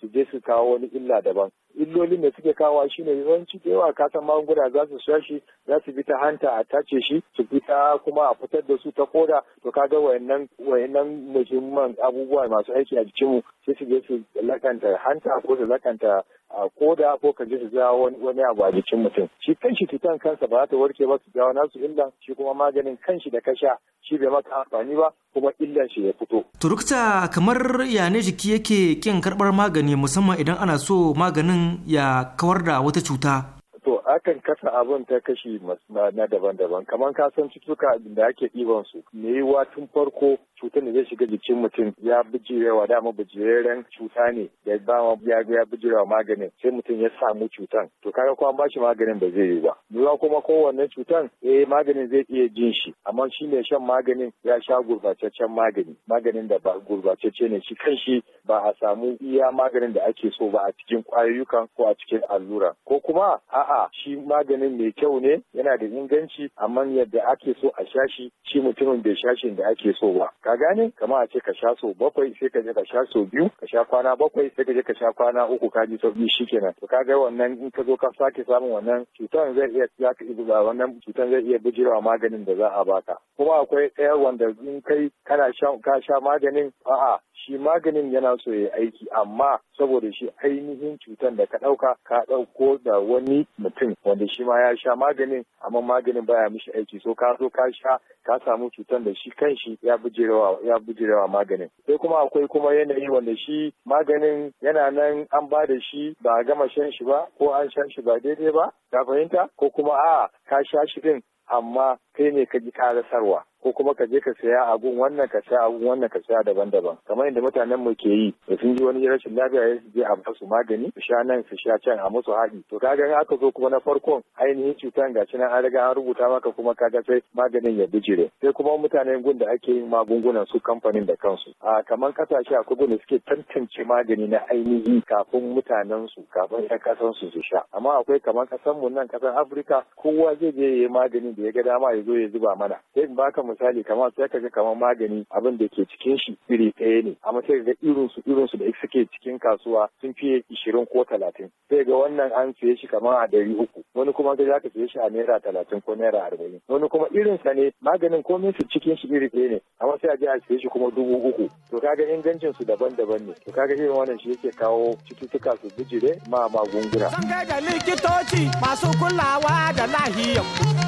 su je su kawo wani illa daban illolin da suke kawo shine yawanci da yawa kasan magunguna za su sha shi za su bi ta hanta a tace shi su bi ta kuma a fitar da su ta koda to kaga wayannan wayannan muhimman abubuwa masu aiki a jikinmu sai su je su lakanta hanta ko su lakanta a koda ko ka ji su jawo wani abu a jikin mutum shi kanshi cutan kansa ba za ta warke ba su jawo su illa shi kuma maganin kanshi da kasha shi bai maka amfani ba kuma illan shi ya fito. turukta kamar ya ne jiki yake kin karbar magani musamman idan ana so maganin ya kawar da wata cuta. to akan kasa abun ta kashi na daban-daban kamar ka san cutuka da ake ɗiban su yi wa tun farko cutar da zai shiga jikin mutum ya bijirewa dama bijireren cuta ne Da ba ya ya bijirewa maganin sai mutum ya samu cutan to kaga kuma ba shi maganin ba zai yi ba yiwa kuma kowanne cutan eh maganin zai iya jin shi amma shi ne shan maganin ya sha gurbataccen magani maganin da ba gurbatacce ne shi kan shi ba a samu iya maganin da ake so ba a cikin kwayoyukan ko a cikin allura ko kuma a'a a'a shi maganin mai kyau ne yana da inganci amma yadda ake so a sha shi shi mutumin bai sha shi da ake so ba ka gane kamar a ce ka sha so bakwai sai ka je ka sha so biyu ka sha kwana bakwai sai ka je ka sha kwana uku ka ji sauki shikenan to ka ga wannan in ka zo ka sake samun wannan cutar zai iya za ka iya wannan cutar zai iya bijirewa maganin da za a baka kuma akwai ɗaya wanda in kai kana sha ka sha maganin a'a shi maganin yana so ya aiki amma saboda shi ainihin cutar da ka ɗauka ka ɗauko da wani mutum wanda shi ma ya sha maganin amma maganin baya mishi aiki so ka zo ka sha ka samu cutar da shi kanshi ya bujirewa ya bujirewa maganin sai kuma akwai kuma yanayi wanda shi maganin yana nan an ba da shi ba a gama shan shi ba ko an shan shi ba daidai ba ka fahimta ko kuma a ka sha shi din amma kai ne ka ji karasarwa ko kuma ka je ka saya abun wannan ka saya abun wannan ka saya daban-daban kamar inda mutanen mu ke yi da sun ji wani rashin lafiya ya je a basu magani su sha nan su sha can a musu haɗi to kaga in aka zo kuma na farkon ainihin cutan shi nan an riga an rubuta maka kuma kaga sai maganin ya bijire sai kuma mutanen gun da ake yin magungunan su kamfanin da kansu a kamar kasashe a kudu da suke tantance magani na ainihi kafin mutanen su kafin ya kasan su su sha amma akwai kamar kasan mu nan kasan Afirka kowa zai je ya yi magani da ya ga dama ya zo ya zuba mana sai in baka misali kamar sai ka ga kamar magani abin da ke cikin shi iri ɗaya ne amma sai ga irin su irin su da suke cikin kasuwa sun fiye ishirin ko talatin sai ga wannan an siye shi kamar a dari uku wani kuma ga za ka siye shi a naira talatin ko naira arba'in wani kuma irin sa ne maganin komai su cikin shi iri ɗaya ne amma sai a je a siye shi kuma dubu uku to kaga ingancin su daban-daban ne to kaga irin wannan shi yake kawo cututtuka su bijire ma magunguna. Sun da likitoci masu kulawa da lahiya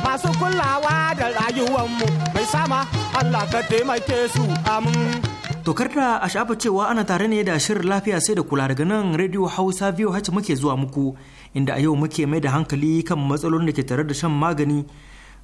masu kulawa kula da rayuwanmu mai sama Allah ka taimake su amin. Tokar da a sha'afa cewa ana tare ne da shirin lafiya sai da kula daga nan Radio Hausa biyu hacci muke zuwa muku inda a yau muke mai da hankali kan matsalolin da ke tare da shan magani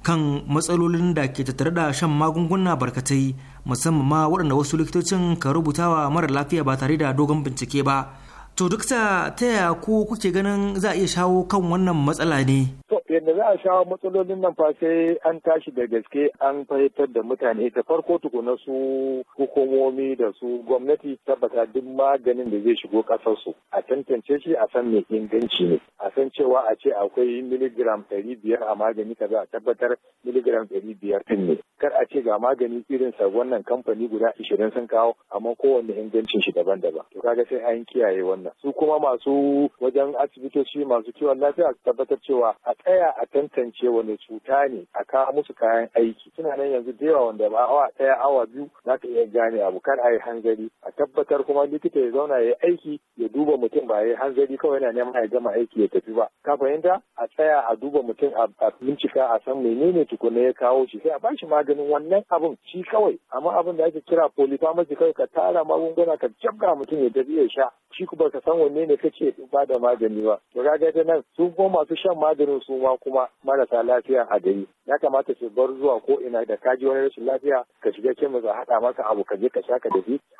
kan matsalolin da ke tattare da shan magunguna barkatai musamman ma waɗanda wasu likitocin ka rubutawa mara lafiya ba tare da dogon bincike ba. To duk ta yaya ku kuke ganin za a iya shawo kan wannan matsala ne? To yadda za a shawo matsalolin nan fa sai an tashi da gaske an fahimtar da mutane ta farko tukuna su hukumomi da su gwamnati tabbata duk maganin da zai shigo kasar su a tantance shi a san mai inganci ne a san cewa a ce akwai miligram ɗari biyar a magani za a tabbatar miligram ɗari biyar ɗin ne kar a ce ga magani irin sa wannan kamfani guda ishirin sun kawo amma kowanne ingancin shi daban-daban to kaga sai an kiyaye wannan su kuma masu wajen asibitoci masu kiwon lafiya tabbatar cewa a tsaya a tantance wani cuta ne a kawo musu kayan aiki suna nan yanzu da yawa wanda ba awa ɗaya awa biyu za ka iya gane abu kar a yi hanzari a tabbatar kuma likita ya zauna ya yi aiki ya duba mutum ba ya yi hanzari kawai yana neman ya gama aiki ya tafi ba ka fahimta a tsaya a duba mutum a bincika a san menene tukuna ya kawo shi sai a ba shi maganin wannan abun shi kawai amma abin da ake kira polypharmacy kawai ka tara magunguna ka jabga mutum ya tafi ya sha shi ba ka san wanne ne kace ba da magani ba to ga nan su kuma masu shan maganin Suma kuma marasa lafiya a gari ya kamata su bar zuwa ko ina da kaji wani rashin lafiya ka shiga za a haɗa maka abu ka je ka sha ka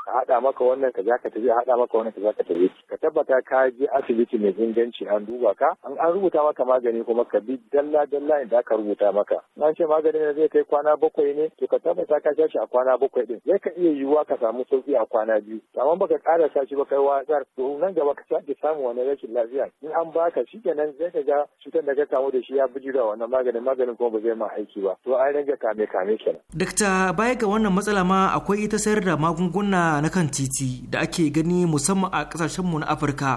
a haɗa maka wannan ka za ka tafi a haɗa maka wannan ka za ka tafi ka tabbata ka je asibiti mai inganci an duba ka an an rubuta maka magani kuma ka bi dalla dalla inda aka rubuta maka an ce maganin da zai kai kwana bakwai ne to ka tabbata ka sha a kwana bakwai din zai ka iya yiwuwa ka samu sauki a kwana biyu amma baka kara sa shi ba kai watsar to nan gaba ka sake samu wani rashin lafiya in an baka shi kenan zai ka ga cutar da ka kamu da shi ya jira wannan maganin maganin kuma ba zai ma aiki ba to an rage kame kame kenan. dakta baya ga wannan matsala ma akwai ita sayar da magunguna na kan titi da ake gani musamman a kasashen mu na afirka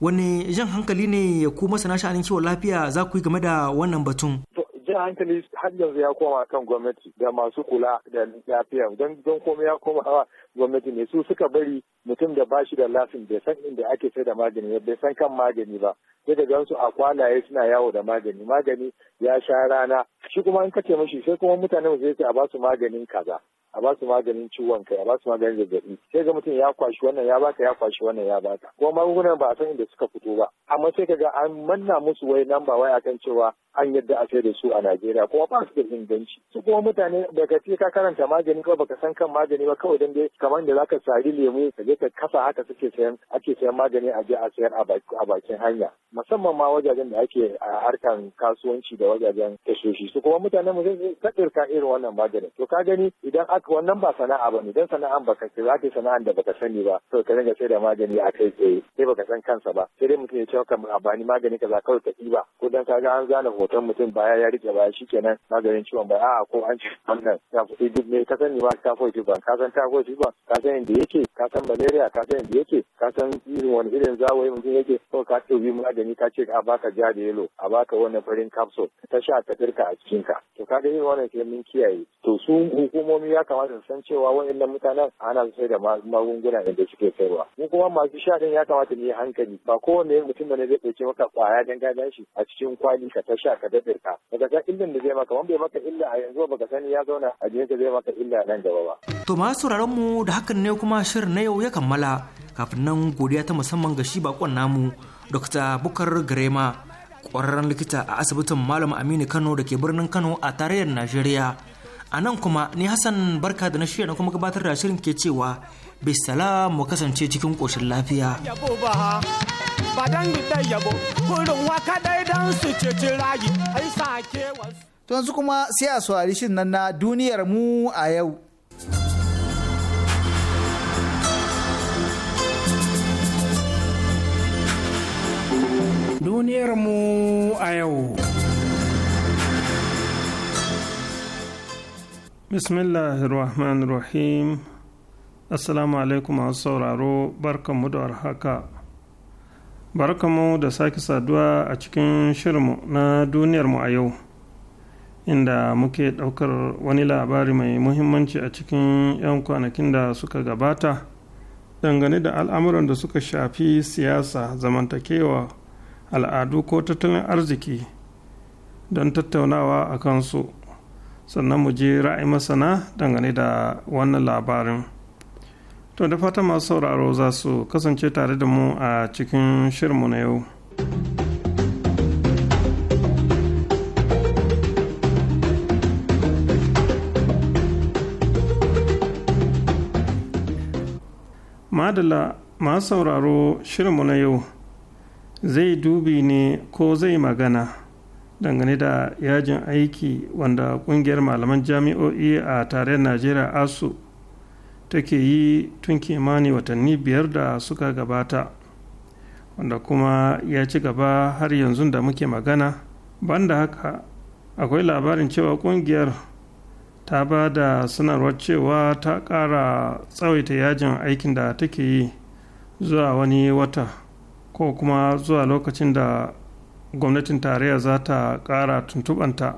wani jan hankali ne ku masana sha'anin kiwon lafiya za ku yi game da wannan batun. jan hankali har yanzu ya koma kan gwamnati da masu kula da lafiya don komai ya koma gwamnati ne su suka bari mutum da ba shi da lasin bai san inda ake sai da magani bai san kan magani ba sai da gansu a kwalaye suna yawo da magani magani ya sha rana shi kuma in ce mashi sai kuma mutane mu sai a ba su maganin kaza a ba su maganin ciwon kai a ba su maganin zazzabi sai ga mutum ya kwashi wannan ya baka ya kwashi wannan ya baka kuma magungunan ba a san inda suka fito ba amma sai kaga an manna musu wai nan ba wai akan cewa an yadda a da su a Najeriya kuma ba su da inganci su kuma mutane daga ce ka karanta magani kawai baka san kan magani ba kawai dan dai kamar da zaka sari lemu ka je ka kasa haka suke sayan ake sayan magani a je a sayar a bakin hanya musamman ma wajajen da ake a harkan kasuwanci da wajajen tashoshi su kuma mutanen mu sai kadirka irin wannan maganin to ka gani idan aka wannan ba sana'a ne idan sana'an baka ce za sana'an da baka sani ba to ka dinga sai da magani a kai tsaye sai baka san kansa ba sai dai mutum ya ce a bani magani kaza kawai ka ɗiba ko dan ka ga an zana hoton mutum baya ya rike baya shikenan maganin ciwon baya a'a ko an ci wannan ya fi duk ne ka sani ba ka fi ban ka san ta fi ban ka san inda yake ka san ba malaria ka san yadda yake ka san irin wani irin zawayi mutum yake ko ka ɗauki magani ka ce a baka ja da yelo a baka wannan farin capsule ta sha ta dirka a cikin ka to ka ga wannan ke mun kiyaye to su hukumomi ya kamata su san cewa waɗannan mutanen ana sai da magunguna da suke sayarwa mu kuma masu sha din ya kamata mu yi hankali ba kowane mutum ne zai ɗauke maka kwaya dan shi a cikin kwali ka ta sha ka daɗe daga ga illan da zai maka wanda bai maka illa a yanzu baka sani ya zauna a jikin zai maka illa nan gaba ba to ma mu da hakan ne kuma shirin na yau ya kammala kafin nan godiya ta musamman ga shi bakon namu dr bukar garema kwararren likita a asibitin malam aminu kano da ke birnin kano a tarayyar najeriya a nan kuma ni hassan barka da na shirya na kuma gabatar da shirin ke cewa bisala mu kasance cikin koshin lafiya to yanzu kuma sai a saurari shin nan na duniyar mu a yau duniyarmu a yau. Bismillahirrahmanirrahim Assalamu alaikum masu sauraro barkanmu da warhaka. Barkanmu da sake saduwa a cikin shirinmu na duniyarmu a yau. Inda muke ɗaukar wani labari mai muhimmanci a cikin 'yan kwanakin da suka gabata dangane da al'amuran da suka shafi siyasa zamantakewa al'adu ko tattalin arziki don tattaunawa a kansu sannan mu je ra'ayi masana dangane da wannan labarin to da fata masu sauraro za su kasance tare da mu a cikin shirmu na yau madala masu sauraro shirinmu na yau zai dubi ne ko zai magana dangane da yajin aiki wanda kungiyar malaman jami'o'i a tarayyar najeriya asu take yi tun kimani watanni biyar da suka gabata wanda kuma ya ci gaba har yanzu da muke magana banda haka akwai labarin cewa kungiyar ta ba da sanarwar cewa ta ƙara tsawaita yajin aikin da take yi zuwa wani wata ko kuma zuwa lokacin da gwamnatin tarayya za ta ƙara tuntuɓanta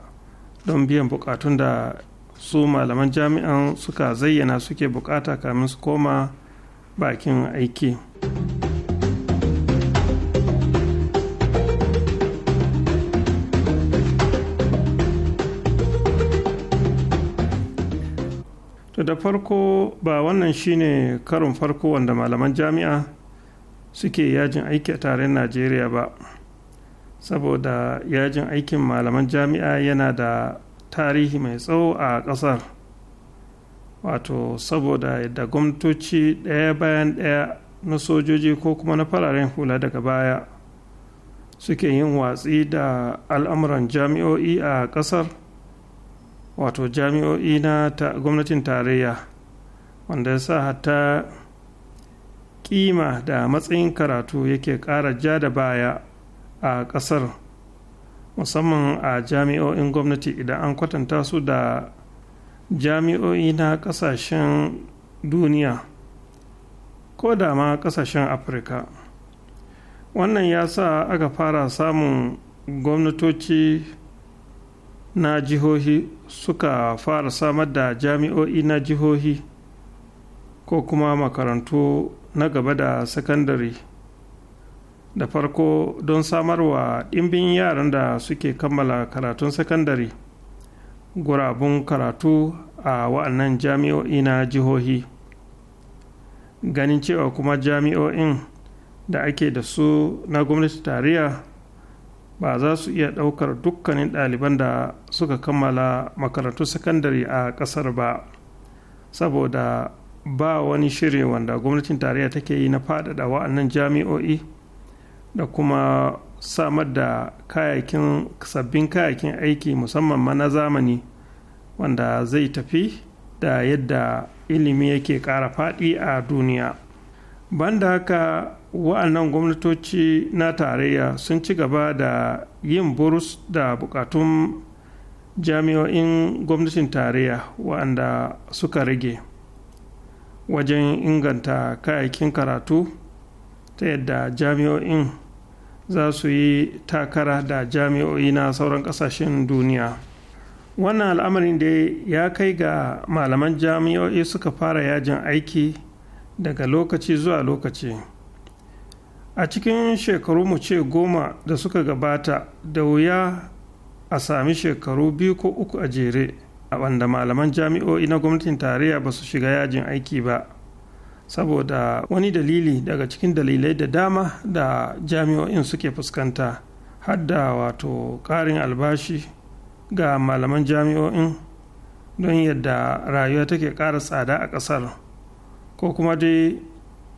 don biyan buƙatun da su malaman jami'an suka zayyana suke buƙata kamin su koma bakin aiki. da farko ba wannan shine karin farko wanda malaman jami'a suke yajin aiki a taron najeriya ba saboda yajin aikin malaman jami'a yana da tarihi mai tsawo a ƙasar wato saboda yadda gwamnatoci ɗaya bayan ɗaya na sojoji ko kuma na fararen hula daga baya suke yin watsi da al'amuran jami'o'i a ƙasar wato jami'o'i na gwamnatin tarayya wanda ya sa hatta kima da matsayin karatu yake ƙara ja da baya a ƙasar musamman a jami'o'in gwamnati idan an kwatanta su da jami'o'i na ƙasashen duniya ko da ma ƙasashen afirka wannan ya sa aka fara samun gwamnatoci na jihohi suka fara samar da jami'o'i na jihohi ko kuma makarantu na gaba da sakandare da farko don samarwa ɗimbin yaran da suke kammala karatun sakandare gurabun karatu a wa'annan jami'o'i na jihohi ganin cewa kuma jami'o'in da ake da su na gwamnati tarayya ba za su iya ɗaukar dukkanin ɗaliban da suka kammala makarantu sakandare a ƙasar ba saboda ba wani shiri wanda gwamnatin tarayya take yi na faɗaɗa wa'annan jami'o'i da kuma samar da kayakin sabbin kayakin aiki musamman ma na zamani wanda zai tafi da yadda ilimi yake ƙara faɗi a duniya banda haka wa'annan gwamnatoci na tarayya sun ci gaba da yin burus da bukatun jami'o'in gwamnatin tarayya wa'anda suka rage wajen inganta kayakin karatu ta yadda jami'o'in za su yi takara da jami'o'i na sauran ƙasashen duniya wannan al'amarin da ya kai ga malaman jami'o'i suka fara yajin aiki daga lokaci zuwa lokaci a cikin shekaru mu ce goma da suka gabata da wuya a sami shekaru biyu ko uku a jere wanda malaman jami'o'i na gwamnatin tarayya ba su shiga yajin aiki ba saboda wani dalili daga cikin dalilai da dama da jami'o'in suke fuskanta har wato ƙarin albashi ga malaman jami'o'in don yadda rayuwa take ƙara tsada a ƙasar ko kuma dai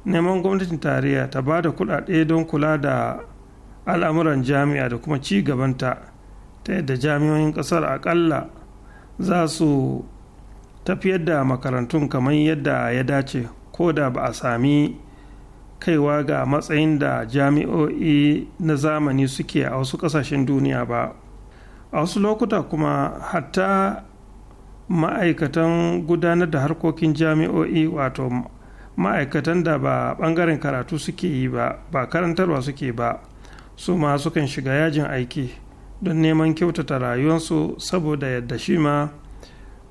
neman gwamnatin tarayya ta ba da kuɗaɗe don kula da al'amuran jami'a da kuma ci gabanta ta yadda jami'o'in ƙasar aƙalla za su tafiyar da makarantun kamar yadda ya dace ko da ba a sami kaiwa ga matsayin da jami'o'i na zamani suke a wasu ƙasashen duniya ba a wasu lokuta kuma hatta ma'aikatan gudanar da harkokin jami'o'i wato ma'aikatan da ba ɓangaren karatu suke yi ba ba karantarwa suke ba su ma sukan shiga yajin aiki don neman kyautata rayuwarsu saboda yadda shi ma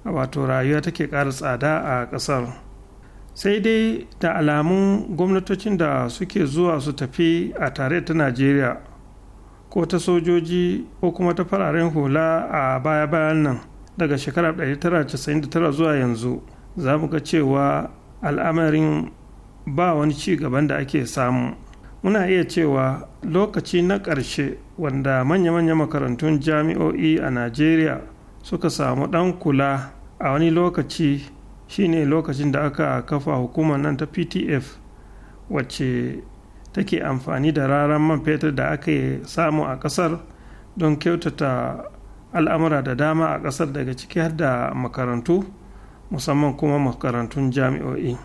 wato rayuwa take ƙara tsada a ƙasar sai dai da alamun gwamnatocin da suke zuwa su tafi a tare ta najeriya ko ta sojoji ko kuma ta fararen hula a baya-bayan nan daga shekarar 1999 zuwa yanzu za mu ga cewa al'amarin ba wani ci gaban da ake samu muna iya cewa lokaci na ƙarshe wanda manya-manya makarantun jami'o'i a najeriya suka samu ɗan kula a wani lokaci shine lokacin da aka kafa hukumar nan ta ptf wacce take amfani da raran man fetur da aka samu a ƙasar don kyautata al'amura da dama a ƙasar daga ciki har da makarantu musamman kuma makarantun jami'o'i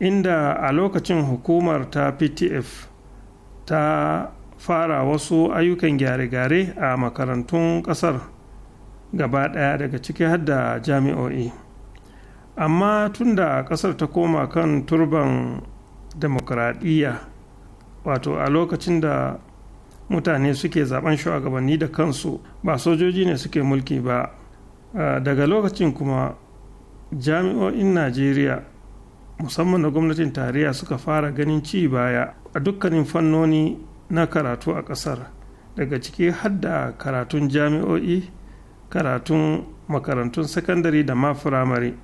inda a lokacin hukumar ta ptf ta fara wasu ayyukan gyare-gyare a makarantun kasar gaba ɗaya daga ciki har da jami'o'i amma tun da ƙasar ta koma kan turban demokradiyya wato a lokacin da mutane suke zaben shugabanni da kansu ba sojoji ne suke mulki ba daga lokacin kuma jami'o'in najeriya musamman da gwamnatin tarayya suka fara ganin ci baya a dukkanin fannoni na karatu a ƙasar daga ciki har da karatun jami'o'i karatun makarantun sakandare da ma firamare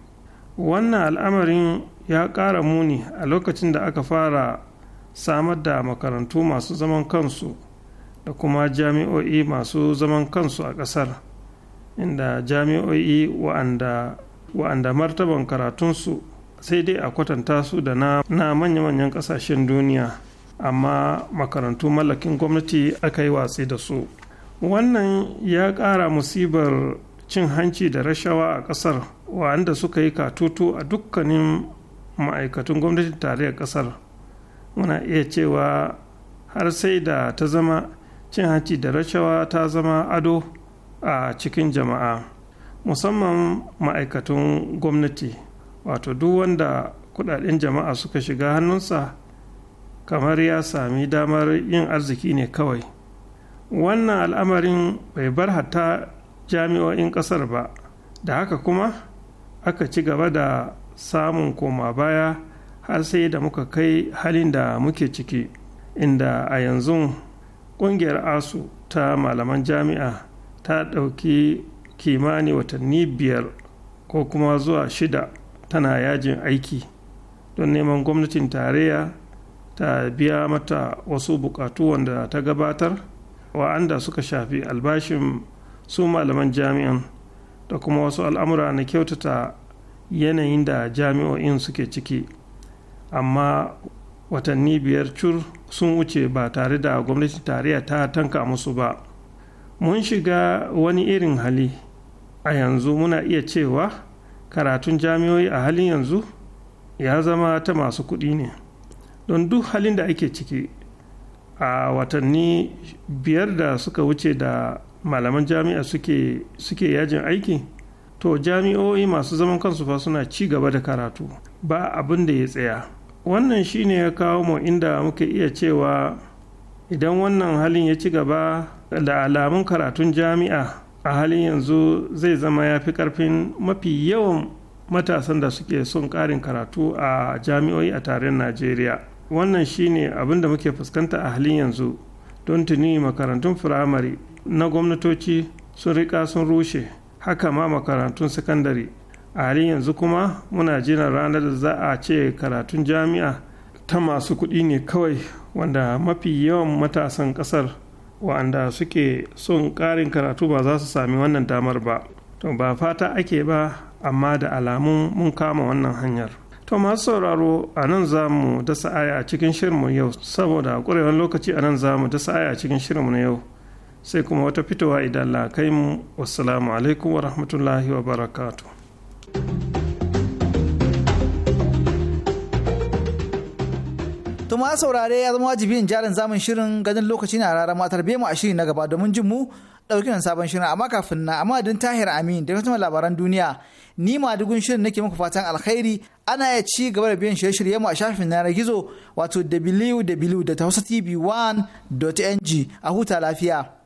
wannan al'amarin ya ƙara muni a lokacin da aka fara samar da makarantu masu zaman kansu da kuma jami'o'i masu zaman kansu a ƙasar inda jami'o'i wa'anda martaban karatunsu sai dai a kwatanta su da na, manya-manyan kasashen duniya amma makarantu mallakin gwamnati aka yi watsi da su wannan ya ƙara musibar cin hanci da rashawa a ƙasar wanda suka yi katutu a dukkanin ma'aikatun gwamnatin tarayyar ƙasar muna iya cewa har sai da ta zama cin hanci da rashawa ta zama ado a cikin jama'a musamman ma'aikatun gwamnati wato duk wanda kudaden jama'a suka shiga hannunsa kamar ya sami damar yin arziki ne kawai wannan al'amarin bai bar hatta jami'o'in kasar ba da haka kuma aka ci gaba da samun koma baya har sai da muka kai halin da muke ciki inda a yanzu ƙungiyar asu ta malaman jami'a ta ɗauki kimani watanni biyar ko kuma zuwa shida tana yajin aiki don neman gwamnatin tarayya ta biya mata wasu bukatu wanda ta gabatar wa'anda suka shafi albashin su malaman jami'an da kuma wasu al'amura na kyautata yanayin da jami'o'in suke ciki amma watanni biyar cur sun wuce ba tare da gwamnatin tarayya ta tanka musu ba mun shiga wani irin hali a yanzu muna iya cewa karatun jami'oi a halin yanzu ya zama ta masu kuɗi ne don duk halin da ake ciki a watanni biyar da suka wuce da malaman jami'a suke, yajin aiki to jami'oi masu zaman kansu fa suna ci gaba da karatu ba abin da ya tsaya wannan shine ya kawo mu inda muke iya cewa idan wannan halin ya ci gaba da alamun karatun jami'a a halin yanzu zai zama ya fi karfin mafi yawan matasan da suke son karin karatu a jami'oi a tarin najeriya wannan shine abin da muke fuskanta a halin yanzu don tuni makarantun firamare na gwamnatoci sun rika sun rushe haka ma makarantun sakandare a halin yanzu kuma muna jiran ranar da za a ce karatun jami'a ta masu kuɗi ne kawai wanda mafi yawan matasan ƙasar waɗanda suke son ƙarin karatu ba za su sami wannan damar ba to ba fata ake ba amma da alamun mun kama wannan hanyar to masu sauraro a nan za mu dasa aya a cikin shirinmu yau saboda ƙwarewar lokaci a nan za mu dasa aya a cikin shirinmu na yau sai kuma wata fitowa idan la kai mu wassalamu alaikum wa rahmatullahi wa barakatuh Tuma saurare ya zama wajibi in jarin zamun shirin ganin lokaci na rara matar bema a shiri na gaba domin jin mu ɗauki nan sabon shirin amma kafin na amma din tahir amin da kuma labaran duniya ni ma dugun shirin nake muku fatan alkhairi ana ya ci gaba da biyan shirye-shirye mu a shafin na gizo wato www.hausatv1.ng a huta lafiya.